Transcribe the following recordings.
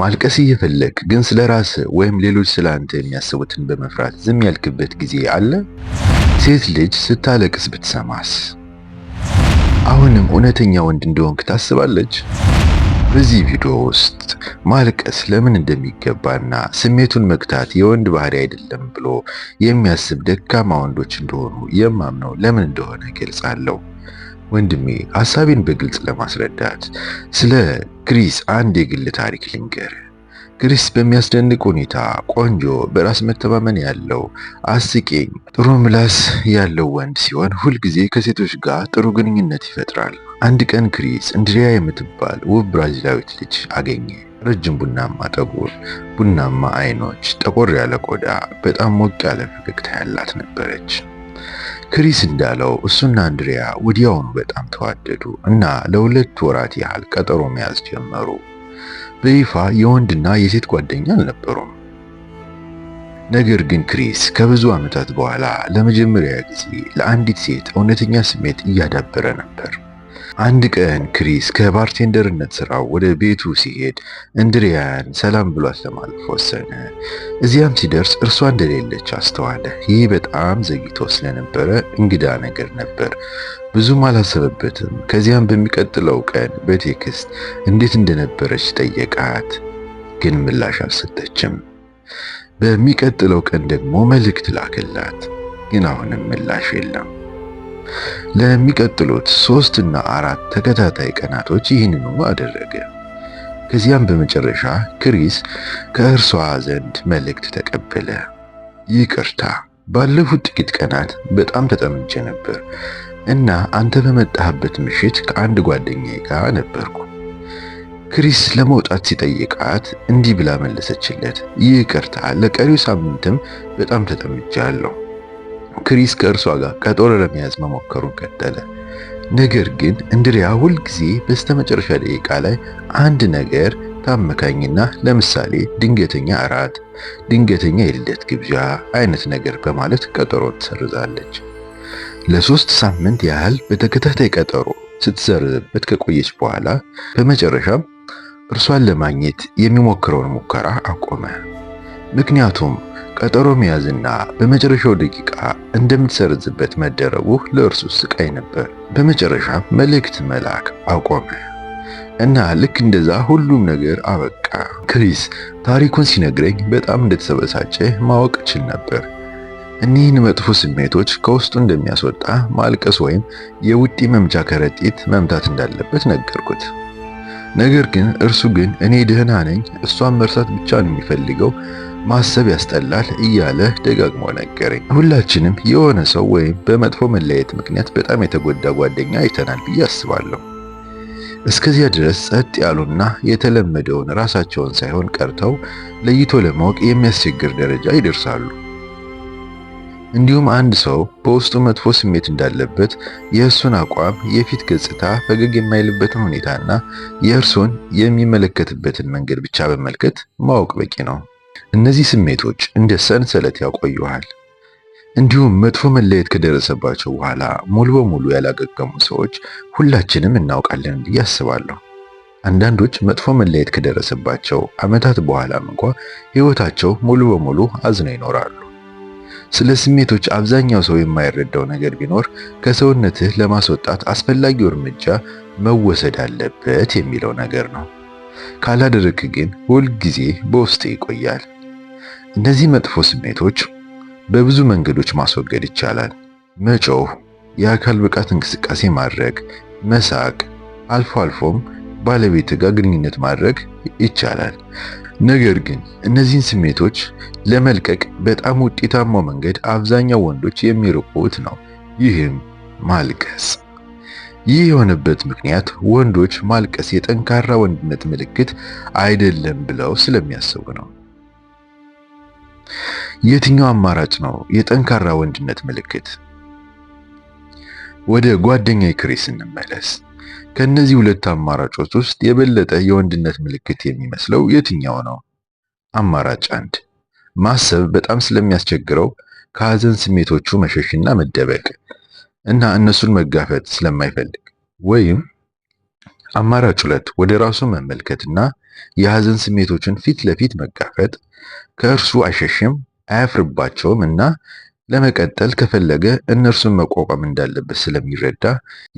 ማልቀስ እየፈለግ ግን ስለ ራስ ወይም ሌሎች ስለ አንተ የሚያስቡትን በመፍራት ዝም ያልክበት ጊዜ አለ? ሴት ልጅ ስታለቅስ ብትሰማስ አሁንም እውነተኛ ወንድ እንደሆንክ ታስባለች? በዚህ ቪዲዮ ውስጥ ማልቀስ ለምን እንደሚገባና ስሜቱን መግታት የወንድ ባህሪ አይደለም ብሎ የሚያስብ ደካማ ወንዶች እንደሆኑ የማምነው ለምን እንደሆነ ገልጻለሁ። ወንድሜ ሀሳቤን በግልጽ ለማስረዳት ስለ ክሪስ አንድ የግል ታሪክ ልንገር። ክሪስ በሚያስደንቅ ሁኔታ ቆንጆ፣ በራስ መተማመን ያለው፣ አስቂኝ፣ ጥሩ ምላስ ያለው ወንድ ሲሆን ሁልጊዜ ከሴቶች ጋር ጥሩ ግንኙነት ይፈጥራል። አንድ ቀን ክሪስ እንድሪያ የምትባል ውብ ብራዚላዊት ልጅ አገኘ። ረጅም ቡናማ ጠጉር፣ ቡናማ አይኖች፣ ጠቆር ያለ ቆዳ፣ በጣም ሞቅ ያለ ፈገግታ ያላት ነበረች። ክሪስ እንዳለው እሱና አንድሪያ ወዲያውኑ በጣም ተዋደዱ እና ለሁለት ወራት ያህል ቀጠሮ መያዝ ጀመሩ። በይፋ የወንድና የሴት ጓደኛ አልነበሩም። ነገር ግን ክሪስ ከብዙ ዓመታት በኋላ ለመጀመሪያ ጊዜ ለአንዲት ሴት እውነተኛ ስሜት እያዳበረ ነበር። አንድ ቀን ክሪስ ከባርቴንደርነት ስራው ወደ ቤቱ ሲሄድ እንድሪያን ሰላም ብሏት ለማለፍ ወሰነ። እዚያም ሲደርስ እርሷ እንደሌለች አስተዋለ። ይህ በጣም ዘግይቶ ስለነበረ እንግዳ ነገር ነበር። ብዙም አላሰበበትም። ከዚያም በሚቀጥለው ቀን በቴክስት እንዴት እንደነበረች ጠየቃት፣ ግን ምላሽ አልሰጠችም። በሚቀጥለው ቀን ደግሞ መልእክት ላከላት፣ ግን አሁንም ምላሽ የለም። ለሚቀጥሉት ሶስትና አራት ተከታታይ ቀናቶች ይህንኑ አደረገ። ከዚያም በመጨረሻ ክሪስ ከእርሷ ዘንድ መልእክት ተቀበለ። ይቅርታ፣ ባለፉት ጥቂት ቀናት በጣም ተጠምጄ ነበር እና አንተ በመጣህበት ምሽት ከአንድ ጓደኛዬ ጋር ነበርኩ። ክሪስ ለመውጣት ሲጠይቃት እንዲህ ብላ መለሰችለት፣ ይቅርታ፣ ለቀሪው ሳምንትም በጣም ተጠምጃለሁ። ክሪስ ከእርሷ ጋር ቀጠሮ ለመያዝ መሞከሩን ቀጠለ። ነገር ግን እንድሪያ ጊዜ በስተመጨረሻ ደቂቃ ላይ አንድ ነገር ታመካኝና ለምሳሌ ድንገተኛ እራት፣ ድንገተኛ የልደት ግብዣ አይነት ነገር በማለት ቀጠሮ ትሰርዛለች። ለሶስት ሳምንት ያህል በተከታታይ ቀጠሮ ስትሰርዝበት ከቆየች በኋላ በመጨረሻም እርሷን ለማግኘት የሚሞክረውን ሙከራ አቆመ። ምክንያቱም ቀጠሮ መያዝና በመጨረሻው ደቂቃ እንደምትሰርዝበት መደረቡ ለእርሱ ስቃይ ነበር። በመጨረሻ መልእክት መላክ አቆመ እና ልክ እንደዛ ሁሉም ነገር አበቃ። ክሪስ ታሪኩን ሲነግረኝ በጣም እንደተሰበሳጨ ማወቅ እችል ነበር። እኒህን መጥፎ ስሜቶች ከውስጡ እንደሚያስወጣ ማልቀስ ወይም የውጤ መምቻ ከረጢት መምታት እንዳለበት ነገርኩት። ነገር ግን እርሱ ግን እኔ ደህና ነኝ፣ እሷን መርሳት ብቻ ነው የሚፈልገው ማሰብ ያስጠላል እያለ ደጋግሞ ነገረኝ። ሁላችንም የሆነ ሰው ወይም በመጥፎ መለያየት ምክንያት በጣም የተጎዳ ጓደኛ አይተናል ብዬ አስባለሁ። እስከዚያ ድረስ ጸጥ ያሉና የተለመደውን ራሳቸውን ሳይሆን ቀርተው ለይቶ ለማወቅ የሚያስቸግር ደረጃ ይደርሳሉ። እንዲሁም አንድ ሰው በውስጡ መጥፎ ስሜት እንዳለበት የእሱን አቋም፣ የፊት ገጽታ፣ ፈገግ የማይልበትን ሁኔታና የእርሱን የሚመለከትበትን መንገድ ብቻ በመልከት ማወቅ በቂ ነው። እነዚህ ስሜቶች እንደ ሰንሰለት ያቆዩሃል። እንዲሁም መጥፎ መለየት ከደረሰባቸው በኋላ ሙሉ በሙሉ ያላገገሙ ሰዎች ሁላችንም እናውቃለን ብዬ አስባለሁ። አንዳንዶች መጥፎ መለየት ከደረሰባቸው ዓመታት በኋላም እንኳ ሕይወታቸው ሙሉ በሙሉ አዝነው ይኖራሉ። ስለ ስሜቶች አብዛኛው ሰው የማይረዳው ነገር ቢኖር ከሰውነትህ ለማስወጣት አስፈላጊው እርምጃ መወሰድ አለበት የሚለው ነገር ነው። ካላደረክ ግን ሁልጊዜ በውስጥ ይቆያል። እነዚህ መጥፎ ስሜቶች በብዙ መንገዶች ማስወገድ ይቻላል። መጮህ፣ የአካል ብቃት እንቅስቃሴ ማድረግ፣ መሳቅ፣ አልፎ አልፎም ባለቤት ጋር ግንኙነት ማድረግ ይቻላል። ነገር ግን እነዚህን ስሜቶች ለመልቀቅ በጣም ውጤታማው መንገድ አብዛኛው ወንዶች የሚርቁት ነው። ይህም ማልቀስ። ይህ የሆነበት ምክንያት ወንዶች ማልቀስ የጠንካራ ወንድነት ምልክት አይደለም ብለው ስለሚያስቡ ነው። የትኛው አማራጭ ነው የጠንካራ ወንድነት ምልክት? ወደ ጓደኛዬ ክሪስ እንመለስ። ከእነዚህ ሁለት አማራጮች ውስጥ የበለጠ የወንድነት ምልክት የሚመስለው የትኛው ነው? አማራጭ አንድ ማሰብ በጣም ስለሚያስቸግረው ከሀዘን ስሜቶቹ መሸሽና መደበቅ እና እነሱን መጋፈጥ ስለማይፈልግ ወይም አማራጭ ሁለት ወደ ራሱ መመልከትና የሐዘን ስሜቶችን ፊት ለፊት መጋፈጥ ከእርሱ አይሸሽም፣ አያፍርባቸውም እና ለመቀጠል ከፈለገ እነርሱን መቋቋም እንዳለበት ስለሚረዳ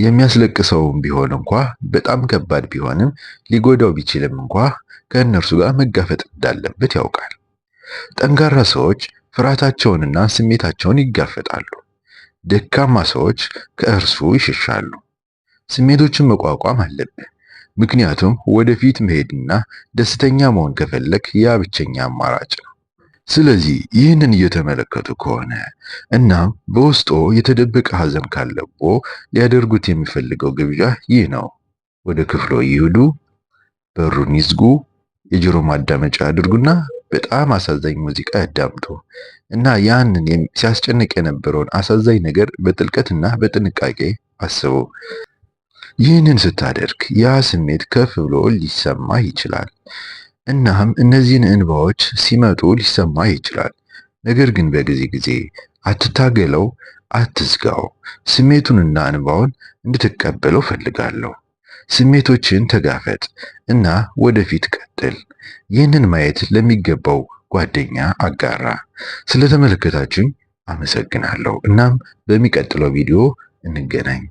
የሚያስለቅሰውም ቢሆን እንኳ በጣም ከባድ ቢሆንም ሊጎዳው ቢችልም እንኳ ከእነርሱ ጋር መጋፈጥ እንዳለበት ያውቃል። ጠንካራ ሰዎች ፍርሃታቸውንና ስሜታቸውን ይጋፈጣሉ። ደካማ ሰዎች ከእርሱ ይሸሻሉ። ስሜቶችን መቋቋም አለብን። ምክንያቱም ወደፊት መሄድና ደስተኛ መሆን ከፈለክ ያ ብቸኛ አማራጭ ነው። ስለዚህ ይህንን እየተመለከቱ ከሆነ እናም በውስጦ የተደበቀ ሀዘን ካለቦ ሊያደርጉት የሚፈልገው ግብዣ ይህ ነው። ወደ ክፍሎ ይሂዱ፣ በሩን ይዝጉ፣ የጆሮ ማዳመጫ አድርጉና በጣም አሳዛኝ ሙዚቃ ያዳምጡ እና ያንን ሲያስጨንቅ የነበረውን አሳዛኝ ነገር በጥልቀትና በጥንቃቄ አስቡ። ይህንን ስታደርግ ያ ስሜት ከፍ ብሎ ሊሰማህ ይችላል። እናም እነዚህን እንባዎች ሲመጡ ሊሰማህ ይችላል። ነገር ግን በጊዜ ጊዜ አትታገለው፣ አትዝጋው። ስሜቱንና እንባውን እንድትቀበለው ፈልጋለሁ። ስሜቶችን ተጋፈጥ እና ወደፊት ቀጥል። ይህንን ማየት ለሚገባው ጓደኛ አጋራ። ስለተመለከታችሁኝ አመሰግናለሁ። እናም በሚቀጥለው ቪዲዮ እንገናኝ።